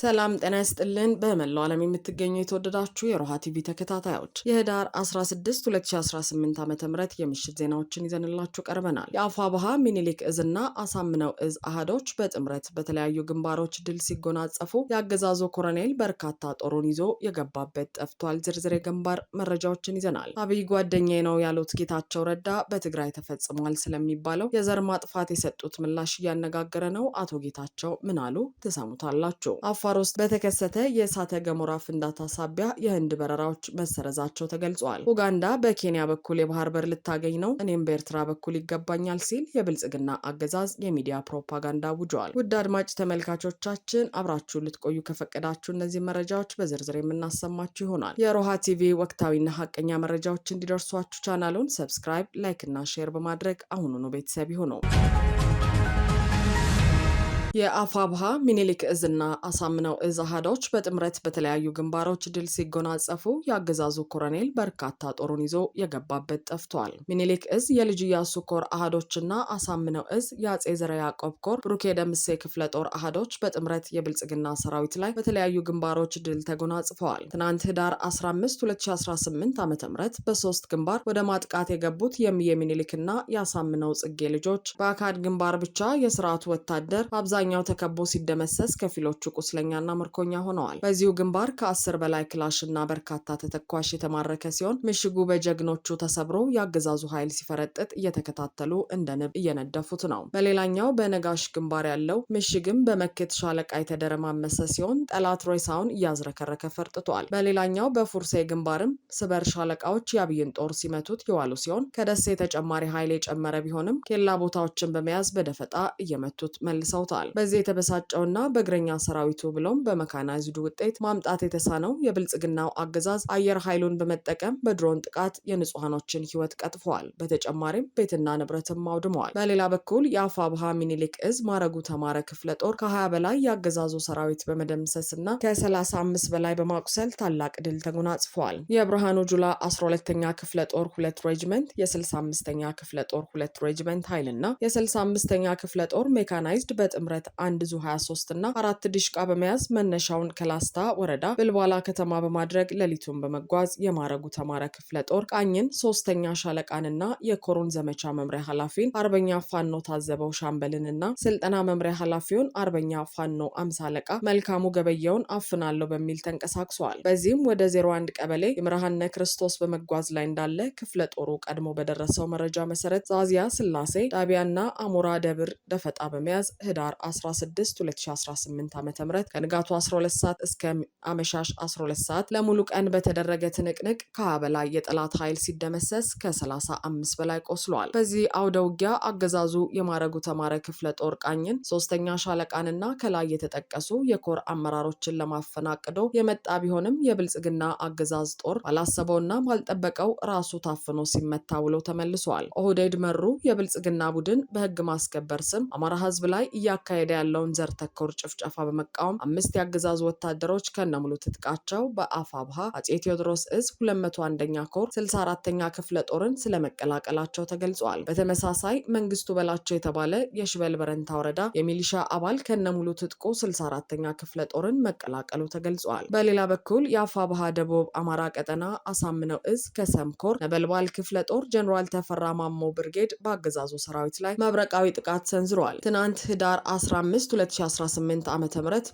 ሰላም ጤና ይስጥልን። በመላው ዓለም የምትገኙ የተወደዳችሁ የሮሃ ቲቪ ተከታታዮች የህዳር 16 2018 ዓ ም የምሽት ዜናዎችን ይዘንላችሁ ቀርበናል። የአፋ ባሃ ሚኒሊክ እዝና አሳምነው እዝ አህዶች በጥምረት በተለያዩ ግንባሮች ድል ሲጎናጸፉ የአገዛዙ ኮሎኔል በርካታ ጦሩን ይዞ የገባበት ጠፍቷል። ዝርዝር የግንባር መረጃዎችን ይዘናል። አብይ ጓደኛዬ ነው ያሉት ጌታቸው ረዳ በትግራይ ተፈጽሟል ስለሚባለው የዘር ማጥፋት የሰጡት ምላሽ እያነጋገረ ነው። አቶ ጌታቸው ምን አሉ? ትሰሙታላችሁ። አፋር ውስጥ በተከሰተ የእሳተ ገሞራ ፍንዳታ ሳቢያ የህንድ በረራዎች መሰረዛቸው ተገልጿል። ኡጋንዳ በኬንያ በኩል የባህር በር ልታገኝ ነው፣ እኔም በኤርትራ በኩል ይገባኛል ሲል የብልጽግና አገዛዝ የሚዲያ ፕሮፓጋንዳ አውጇል። ውድ አድማጭ ተመልካቾቻችን አብራችሁ ልትቆዩ ከፈቀዳችሁ እነዚህ መረጃዎች በዝርዝር የምናሰማችሁ ይሆናል። የሮሃ ቲቪ ወቅታዊና ሀቀኛ መረጃዎች እንዲደርሷችሁ ቻናሉን ሰብስክራይብ፣ ላይክ እና ሼር በማድረግ አሁኑኑ ቤተሰብ ይሁኑ። የአፋብሃ ሚኒሊክ እዝና አሳምነው እዝ አህዶች በጥምረት በተለያዩ ግንባሮች ድል ሲጎናጸፉ የአገዛዙ ኮረኔል በርካታ ጦሩን ይዞ የገባበት ጠፍቷል። ሚኒሊክ እዝ የልጅ ኢያሱ ኮር አህዶችና አሳምነው እዝ የአጼ ዘረ ያዕቆብ ኮር ብሩኬ ደምሴ ክፍለ ጦር አህዶች በጥምረት የብልጽግና ሰራዊት ላይ በተለያዩ ግንባሮች ድል ተጎናጽፈዋል። ትናንት ህዳር 15 2018 ዓ ም በሶስት ግንባር ወደ ማጥቃት የገቡት ሚኒሊክና የአሳምነው ጽጌ ልጆች በአካድ ግንባር ብቻ የስርዓቱ ወታደር አብዛኛው ተከቦ ሲደመሰስ ከፊሎቹ ቁስለኛና ምርኮኛ ሆነዋል። በዚሁ ግንባር ከአስር በላይ ክላሽ እና በርካታ ተተኳሽ የተማረከ ሲሆን ምሽጉ በጀግኖቹ ተሰብሮ የአገዛዙ ኃይል ሲፈረጥጥ እየተከታተሉ እንደ ንብ እየነደፉት ነው። በሌላኛው በነጋሽ ግንባር ያለው ምሽግም በመክት ሻለቃ የተደረማመሰ ሲሆን ጠላት ሬሳውን እያዝረከረከ ፈርጥቷል። በሌላኛው በፉርሴ ግንባርም ስበር ሻለቃዎች የአብይን ጦር ሲመቱት የዋሉ ሲሆን ከደሴ ተጨማሪ ኃይል የጨመረ ቢሆንም ኬላ ቦታዎችን በመያዝ በደፈጣ እየመቱት መልሰውታል። ተናግረዋል። በዚህ የተበሳጨውና በእግረኛ ሰራዊቱ ብሎም በመካናይዝዱ ውጤት ማምጣት የተሳነው የብልጽግናው አገዛዝ አየር ኃይሉን በመጠቀም በድሮን ጥቃት የንጹሐኖችን ህይወት ቀጥፈዋል። በተጨማሪም ቤትና ንብረትም አውድመዋል። በሌላ በኩል ባሃ ሚኒሊክ እዝ ማረጉ ተማረ ክፍለ ጦር ከ20 በላይ የአገዛዙ ሰራዊት በመደምሰስና ከ35 በላይ በማቁሰል ታላቅ ድል ተጎናጽፏል። የብርሃኑ ጁላ 12ኛ ክፍለ ጦር ሁለት ሬጅመንት፣ የ65ኛ ክፍለ ጦር ሁለት ሬጅመንት ኃይልና የ65ኛ ክፍለ ጦር ሜካናይዝድ በጥምረት አንድ ዙ 23 እና አራት ድሽቃ በመያዝ መነሻውን ከላስታ ወረዳ ብልባላ ከተማ በማድረግ ሌሊቱን በመጓዝ የማረጉ ተማረ ክፍለ ጦር ቃኝን ሶስተኛ ሻለቃንና የኮሮን ዘመቻ መምሪያ ኃላፊን አርበኛ ፋኖ ታዘበው ሻምበልንና ስልጠና መምሪያ ኃላፊውን አርበኛ ፋኖ አምሳለቃ መልካሙ ገበየውን አፍናለሁ በሚል ተንቀሳቅሷል። በዚህም ወደ 01 ቀበሌ የምርሃነ ክርስቶስ በመጓዝ ላይ እንዳለ ክፍለ ጦሩ ቀድሞ በደረሰው መረጃ መሰረት ዛዚያ ስላሴ ጣቢያና አሞራ ደብር ደፈጣ በመያዝ ህዳር 16 2018 ዓ ም ከንጋቱ 12 ሰዓት እስከ አመሻሽ 12 ሰዓት ለሙሉ ቀን በተደረገ ትንቅንቅ ከሀያ በላይ የጠላት ኃይል ሲደመሰስ ከ35 በላይ ቆስሏል። በዚህ አውደ ውጊያ አገዛዙ የማረጉ ተማረ ክፍለ ጦር ቃኝን ሶስተኛ ሻለቃንና ከላይ የተጠቀሱ የኮር አመራሮችን ለማፈናቅዶ የመጣ ቢሆንም የብልጽግና አገዛዝ ጦር ባላሰበውና ባልጠበቀው ራሱ ታፍኖ ሲመታ ውሎ ተመልሷል። ኦህዴድ መሩ የብልጽግና ቡድን በህግ ማስከበር ስም አማራ ህዝብ ላይ እያካሄደ እየተካሄደ ያለውን ዘር ተኮር ጭፍጨፋ በመቃወም አምስት የአገዛዙ ወታደሮች ከነሙሉ ትጥቃቸው በአፋብሃ አጼ ቴዎድሮስ እዝ 201ኛ ኮር 64ኛ ክፍለ ጦርን ስለመቀላቀላቸው ተገልጿል። በተመሳሳይ መንግስቱ በላቸው የተባለ የሽበል በረንታ ወረዳ የሚሊሻ አባል ከነሙሉ ትጥቁ 64ኛ ክፍለ ጦርን መቀላቀሉ ተገልጿል። በሌላ በኩል የአፋብሃ ደቡብ አማራ ቀጠና አሳምነው እዝ ከሰምኮር ነበልባል ክፍለ ጦር ጀኔራል ተፈራ ማሞ ብርጌድ በአገዛዙ ሰራዊት ላይ መብረቃዊ ጥቃት ሰንዝሯል። ትናንት ህዳር 15 2018 ዓ ም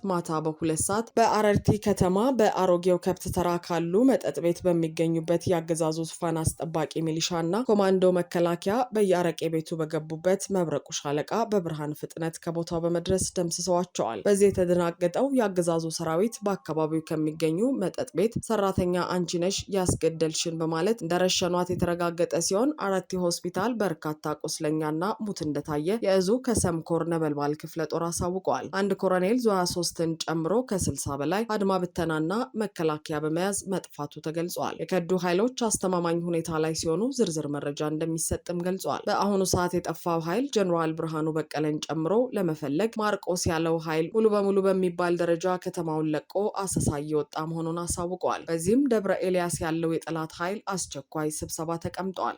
ማታ በሁለት ሰዓት በአረርቲ ከተማ በአሮጌው ከብት ተራ ካሉ መጠጥ ቤት በሚገኙበት የአገዛዙ ዙፋን አስጠባቂ ሚሊሻና ኮማንዶ መከላከያ በየአረቄ ቤቱ በገቡበት መብረቁ ሻለቃ በብርሃን ፍጥነት ከቦታው በመድረስ ደምስሰዋቸዋል። በዚህ የተደናገጠው የአገዛዙ ሰራዊት በአካባቢው ከሚገኙ መጠጥ ቤት ሰራተኛ አንቺነሽ ያስገደልሽን በማለት እንደረሸኗት የተረጋገጠ ሲሆን አረርቲ ሆስፒታል በርካታ ቁስለኛና ሙት እንደታየ የእዙ ከሰምኮር ነበልባል ክፍለ ጦር አሳውቀዋል። አንድ ኮሎኔል ዙ 23ን ጨምሮ ከ60 በላይ አድማ ብተናና መከላከያ በመያዝ መጥፋቱ ተገልጿል። የከዱ ኃይሎች አስተማማኝ ሁኔታ ላይ ሲሆኑ ዝርዝር መረጃ እንደሚሰጥም ገልጿል። በአሁኑ ሰዓት የጠፋው ኃይል ጀኔራል ብርሃኑ በቀለን ጨምሮ ለመፈለግ ማርቆስ ያለው ኃይል ሙሉ በሙሉ በሚባል ደረጃ ከተማውን ለቆ አሰሳ እየወጣ መሆኑን አሳውቀዋል። በዚህም ደብረ ኤልያስ ያለው የጠላት ኃይል አስቸኳይ ስብሰባ ተቀምጧል።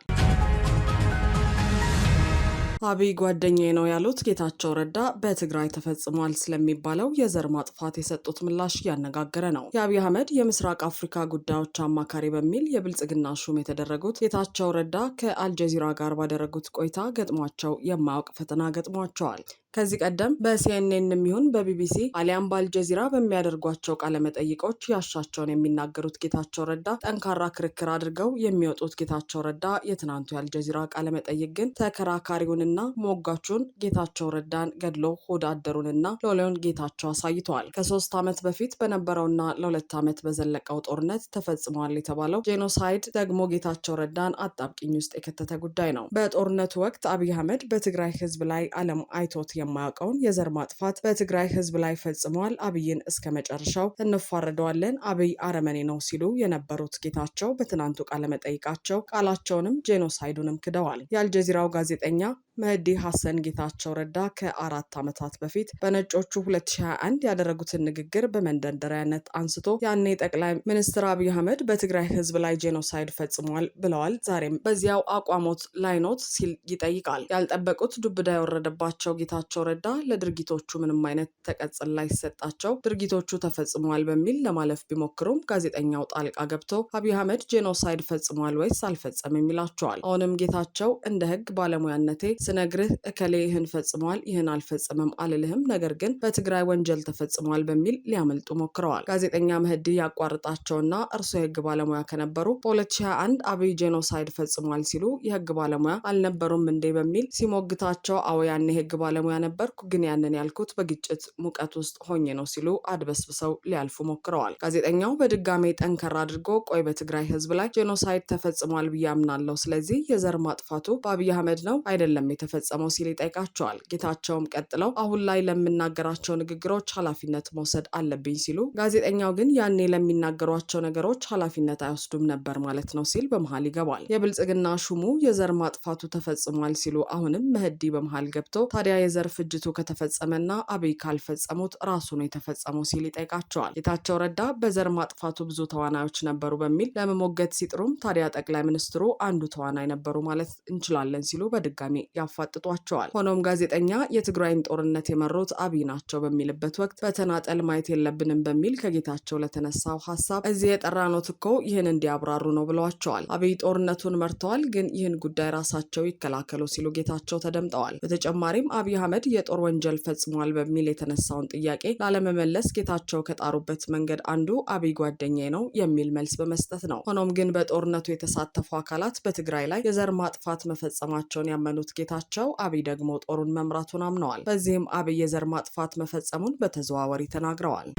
አብይ ጓደኛዬ ነው ያሉት ጌታቸው ረዳ በትግራይ ተፈጽሟል ስለሚባለው የዘር ማጥፋት የሰጡት ምላሽ እያነጋገረ ነው። የአብይ አህመድ የምስራቅ አፍሪካ ጉዳዮች አማካሪ በሚል የብልጽግና ሹም የተደረጉት ጌታቸው ረዳ ከአልጀዚራ ጋር ባደረጉት ቆይታ ገጥሟቸው የማያውቅ ፈተና ገጥሟቸዋል። ከዚህ ቀደም በሲኤንኤን የሚሆን በቢቢሲ አሊያም በአልጀዚራ በሚያደርጓቸው ቃለመጠይቆች ያሻቸውን የሚናገሩት ጌታቸው ረዳ ጠንካራ ክርክር አድርገው የሚወጡት ጌታቸው ረዳ የትናንቱ የአልጀዚራ ቃለመጠይቅ ግን ተከራካሪውንና ሞጋቹን ጌታቸው ረዳን ገድሎ ሆድ አደሩንና ሎሌውን ጌታቸው አሳይተዋል። ከሶስት ዓመት በፊት በነበረውና ለሁለት ዓመት በዘለቀው ጦርነት ተፈጽመዋል የተባለው ጄኖሳይድ ደግሞ ጌታቸው ረዳን አጣብቂኝ ውስጥ የከተተ ጉዳይ ነው። በጦርነቱ ወቅት አብይ አህመድ በትግራይ ህዝብ ላይ አለም አይቶት የማያውቀውን የዘር ማጥፋት በትግራይ ህዝብ ላይ ፈጽመዋል። አብይን እስከ መጨረሻው እንፋረደዋለን። አብይ አረመኔ ነው ሲሉ የነበሩት ጌታቸው በትናንቱ ቃለመጠይቃቸው ቃላቸውንም ጄኖሳይዱንም ክደዋል። የአልጀዚራው ጋዜጠኛ መህዲ ሀሰን ጌታቸው ረዳ ከአራት ዓመታት በፊት በነጮቹ 2021 ያደረጉትን ንግግር በመንደርደሪያነት አንስቶ ያኔ ጠቅላይ ሚኒስትር አብይ አህመድ በትግራይ ህዝብ ላይ ጄኖሳይድ ፈጽሟል ብለዋል፣ ዛሬም በዚያው አቋሞት ላይኖት ሲል ይጠይቃል። ያልጠበቁት ዱብዳ የወረደባቸው ጌታቸው ረዳ ለድርጊቶቹ ምንም አይነት ተቀጽል ላይ ሲሰጣቸው ድርጊቶቹ ተፈጽሟል በሚል ለማለፍ ቢሞክሩም ጋዜጠኛው ጣልቃ ገብቶ አብይ አህመድ ጄኖሳይድ ፈጽሟል ወይስ አልፈጸምም ይላቸዋል። አሁንም ጌታቸው እንደ ህግ ባለሙያነቴ ስነግርህ እከሌ ይህን ፈጽሟል፣ ይህን አልፈጽምም አልልህም፣ ነገር ግን በትግራይ ወንጀል ተፈጽሟል በሚል ሊያመልጡ ሞክረዋል። ጋዜጠኛ መህዲ ያቋርጣቸውና እርሶ የህግ ባለሙያ ከነበሩ በ2021 አብይ ጄኖሳይድ ፈጽሟል ሲሉ የህግ ባለሙያ አልነበሩም እንዴ በሚል ሲሞግታቸው አዎ ያኔ የህግ ባለሙያ ነበርኩ፣ ግን ያንን ያልኩት በግጭት ሙቀት ውስጥ ሆኜ ነው ሲሉ አድበስብሰው ሊያልፉ ሞክረዋል። ጋዜጠኛው በድጋሜ ጠንከር አድርጎ ቆይ በትግራይ ህዝብ ላይ ጄኖሳይድ ተፈጽሟል ብዬ አምናለሁ። ስለዚህ የዘር ማጥፋቱ በአብይ አህመድ ነው አይደለም የተፈጸመው ሲል ይጠይቃቸዋል። ጌታቸውም ቀጥለው አሁን ላይ ለምናገራቸው ንግግሮች ኃላፊነት መውሰድ አለብኝ ሲሉ፣ ጋዜጠኛው ግን ያኔ ለሚናገሯቸው ነገሮች ኃላፊነት አይወስዱም ነበር ማለት ነው ሲል በመሀል ይገባል። የብልጽግና ሹሙ የዘር ማጥፋቱ ተፈጽሟል ሲሉ አሁንም መህዲ በመሀል ገብቶ ታዲያ የዘር ፍጅቱ ከተፈጸመና አብይ ካልፈጸሙት ራሱ ነው የተፈጸመው ሲል ይጠይቃቸዋል። ጌታቸው ረዳ በዘር ማጥፋቱ ብዙ ተዋናዮች ነበሩ በሚል ለመሞገት ሲጥሩም ታዲያ ጠቅላይ ሚኒስትሩ አንዱ ተዋናይ ነበሩ ማለት እንችላለን ሲሉ በድጋሚ አፋጥጧቸዋል። ሆኖም ጋዜጠኛ የትግራይን ጦርነት የመሩት አብይ ናቸው በሚልበት ወቅት በተናጠል ማየት የለብንም በሚል ከጌታቸው ለተነሳው ሀሳብ እዚህ የጠራነዎት እኮ ይህን እንዲያብራሩ ነው ብለዋቸዋል። አብይ ጦርነቱን መርተዋል፣ ግን ይህን ጉዳይ ራሳቸው ይከላከሉ ሲሉ ጌታቸው ተደምጠዋል። በተጨማሪም አብይ አህመድ የጦር ወንጀል ፈጽሟል በሚል የተነሳውን ጥያቄ ላለመመለስ ጌታቸው ከጣሩበት መንገድ አንዱ አብይ ጓደኛ ነው የሚል መልስ በመስጠት ነው። ሆኖም ግን በጦርነቱ የተሳተፉ አካላት በትግራይ ላይ የዘር ማጥፋት መፈጸማቸውን ያመኑት ጌታ መግለጻቸው አብይ ደግሞ ጦሩን መምራቱን አምነዋል። በዚህም አብይ የዘር ማጥፋት መፈጸሙን በተዘዋወሪ ተናግረዋል።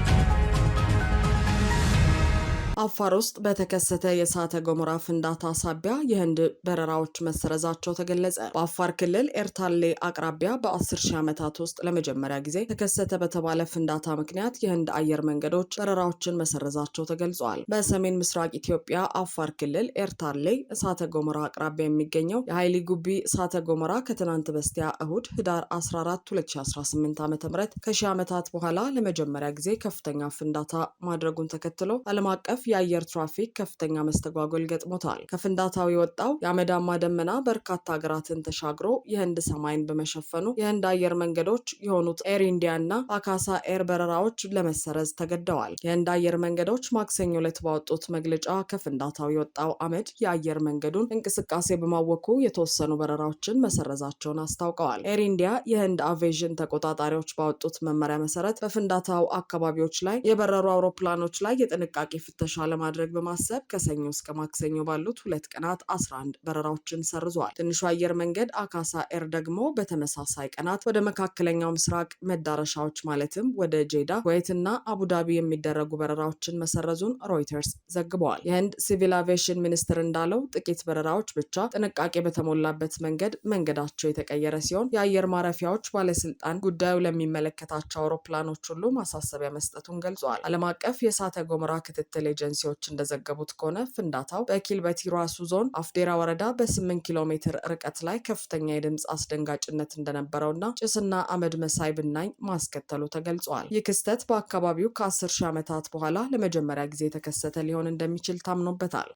አፋር ውስጥ በተከሰተ የእሳተ ገሞራ ፍንዳታ ሳቢያ የህንድ በረራዎች መሰረዛቸው ተገለጸ። በአፋር ክልል ኤርታሌ አቅራቢያ በ10 ሺህ ዓመታት ውስጥ ለመጀመሪያ ጊዜ ተከሰተ በተባለ ፍንዳታ ምክንያት የህንድ አየር መንገዶች በረራዎችን መሰረዛቸው ተገልጿል። በሰሜን ምስራቅ ኢትዮጵያ አፋር ክልል ኤርታሌ እሳተ ገሞራ አቅራቢያ የሚገኘው የኃይሊ ጉቢ እሳተ ገሞራ ከትናንት በስቲያ እሁድ ህዳር 14 2018 ዓ ም ከሺህ ዓመታት በኋላ ለመጀመሪያ ጊዜ ከፍተኛ ፍንዳታ ማድረጉን ተከትሎ ዓለም አቀፍ የአየር ትራፊክ ከፍተኛ መስተጓጎል ገጥሞታል። ከፍንዳታው የወጣው የአመዳማ ደመና በርካታ ሀገራትን ተሻግሮ የህንድ ሰማይን በመሸፈኑ የህንድ አየር መንገዶች የሆኑት ኤር ኢንዲያ እና አካሳ ኤር በረራዎች ለመሰረዝ ተገደዋል። የህንድ አየር መንገዶች ማክሰኞ ዕለት ባወጡት መግለጫ ከፍንዳታው የወጣው አመድ የአየር መንገዱን እንቅስቃሴ በማወኩ የተወሰኑ በረራዎችን መሰረዛቸውን አስታውቀዋል። ኤር ኢንዲያ የህንድ አቬዥን ተቆጣጣሪዎች ባወጡት መመሪያ መሰረት በፍንዳታው አካባቢዎች ላይ የበረሩ አውሮፕላኖች ላይ የጥንቃቄ ፍተሻ መነሻ ለማድረግ በማሰብ ከሰኞ እስከ ማክሰኞ ባሉት ሁለት ቀናት 11 በረራዎችን ሰርዟል። ትንሹ አየር መንገድ አካሳ ኤር ደግሞ በተመሳሳይ ቀናት ወደ መካከለኛው ምስራቅ መዳረሻዎች ማለትም ወደ ጄዳ፣ ኩዌት እና አቡዳቢ የሚደረጉ በረራዎችን መሰረዙን ሮይተርስ ዘግበዋል። የህንድ ሲቪል አቪዬሽን ሚኒስትር እንዳለው ጥቂት በረራዎች ብቻ ጥንቃቄ በተሞላበት መንገድ መንገዳቸው የተቀየረ ሲሆን የአየር ማረፊያዎች ባለስልጣን ጉዳዩ ለሚመለከታቸው አውሮፕላኖች ሁሉ ማሳሰቢያ መስጠቱን ገልጿል። ዓለም አቀፍ የእሳተ ገሞራ ክትትል ኤጀንሲ ኤጀንሲዎች እንደዘገቡት ከሆነ ፍንዳታው በኪልበቲ ራሱ ዞን አፍዴራ ወረዳ በ8 ኪሎ ሜትር ርቀት ላይ ከፍተኛ የድምፅ አስደንጋጭነት እንደነበረውና ጭስና አመድ መሳይ ብናኝ ማስከተሉ ተገልጿል። ይህ ክስተት በአካባቢው ከ10 ሺህ ዓመታት በኋላ ለመጀመሪያ ጊዜ የተከሰተ ሊሆን እንደሚችል ታምኖበታል።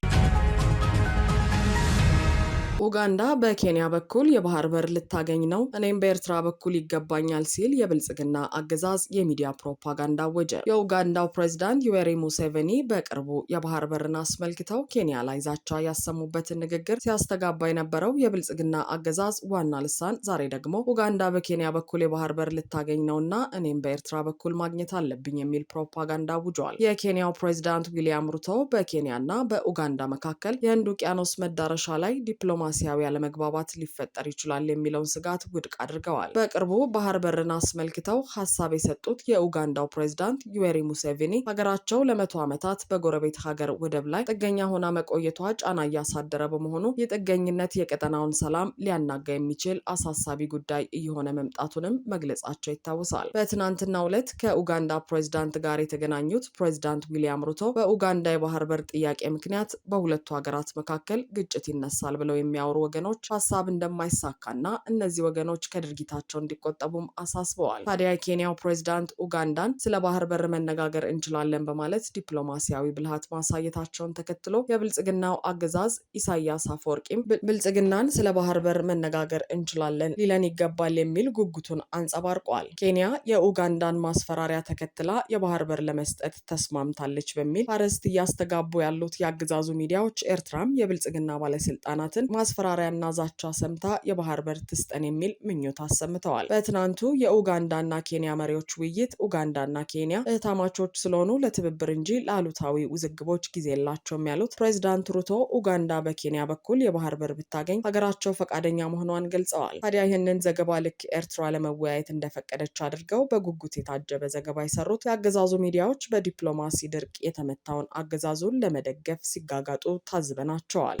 ኡጋንዳ በኬንያ በኩል የባህር በር ልታገኝ ነው፣ እኔም በኤርትራ በኩል ይገባኛል ሲል የብልጽግና አገዛዝ የሚዲያ ፕሮፓጋንዳ አወጀ። የኡጋንዳው ፕሬዚዳንት ዩዌሪ ሙሴቬኒ በቅርቡ የባህር በርን አስመልክተው ኬንያ ላይ ዛቻ ያሰሙበትን ንግግር ሲያስተጋባ የነበረው የብልጽግና አገዛዝ ዋና ልሳን ዛሬ ደግሞ ኡጋንዳ በኬንያ በኩል የባህር በር ልታገኝ ነውና እኔም በኤርትራ በኩል ማግኘት አለብኝ የሚል ፕሮፓጋንዳ አውጇል። የኬንያው ፕሬዚዳንት ዊሊያም ሩቶ በኬንያና በኡጋንዳ መካከል የህንድ ውቅያኖስ መዳረሻ ላይ ዲፕሎማ ዲፕሎማሲያዊ አለመግባባት ሊፈጠር ይችላል የሚለውን ስጋት ውድቅ አድርገዋል። በቅርቡ ባህር በርን አስመልክተው ሀሳብ የሰጡት የኡጋንዳው ፕሬዚዳንት ዩዌሪ ሙሴቪኒ ሀገራቸው ለመቶ ዓመታት በጎረቤት ሀገር ወደብ ላይ ጥገኛ ሆና መቆየቷ ጫና እያሳደረ በመሆኑ የጥገኝነት የቀጠናውን ሰላም ሊያናጋ የሚችል አሳሳቢ ጉዳይ እየሆነ መምጣቱንም መግለጻቸው ይታወሳል። በትናንትናው ዕለት ከኡጋንዳ ፕሬዚዳንት ጋር የተገናኙት ፕሬዚዳንት ዊሊያም ሩቶ በኡጋንዳ የባህር በር ጥያቄ ምክንያት በሁለቱ ሀገራት መካከል ግጭት ይነሳል ብለው የሚ የሚያወሩ ወገኖች ሀሳብ እንደማይሳካና እነዚህ ወገኖች ከድርጊታቸው እንዲቆጠቡም አሳስበዋል። ታዲያ የኬንያው ፕሬዚዳንት ኡጋንዳን ስለ ባህር በር መነጋገር እንችላለን በማለት ዲፕሎማሲያዊ ብልሃት ማሳየታቸውን ተከትሎ የብልጽግናው አገዛዝ ኢሳያስ አፈወርቂም ብልጽግናን ስለ ባህር በር መነጋገር እንችላለን ሊለን ይገባል የሚል ጉጉቱን አንጸባርቋል። ኬንያ የኡጋንዳን ማስፈራሪያ ተከትላ የባህር በር ለመስጠት ተስማምታለች በሚል አርዕስት እያስተጋቡ ያሉት የአገዛዙ ሚዲያዎች ኤርትራም የብልጽግና ባለስልጣናትን ማስፈራሪያና ዛቻ ሰምታ የባህር በር ትስጠን የሚል ምኞት አሰምተዋል። በትናንቱ የኡጋንዳና ኬንያ መሪዎች ውይይት ኡጋንዳና ኬንያ እህታማቾች ስለሆኑ ለትብብር እንጂ ለአሉታዊ ውዝግቦች ጊዜ የላቸውም ያሉት ፕሬዚዳንት ሩቶ ኡጋንዳ በኬንያ በኩል የባህር በር ብታገኝ ሀገራቸው ፈቃደኛ መሆኗን ገልጸዋል። ታዲያ ይህንን ዘገባ ልክ ኤርትራ ለመወያየት እንደፈቀደች አድርገው በጉጉት የታጀበ ዘገባ የሰሩት የአገዛዙ ሚዲያዎች በዲፕሎማሲ ድርቅ የተመታውን አገዛዙን ለመደገፍ ሲጋጋጡ ታዝበናቸዋል።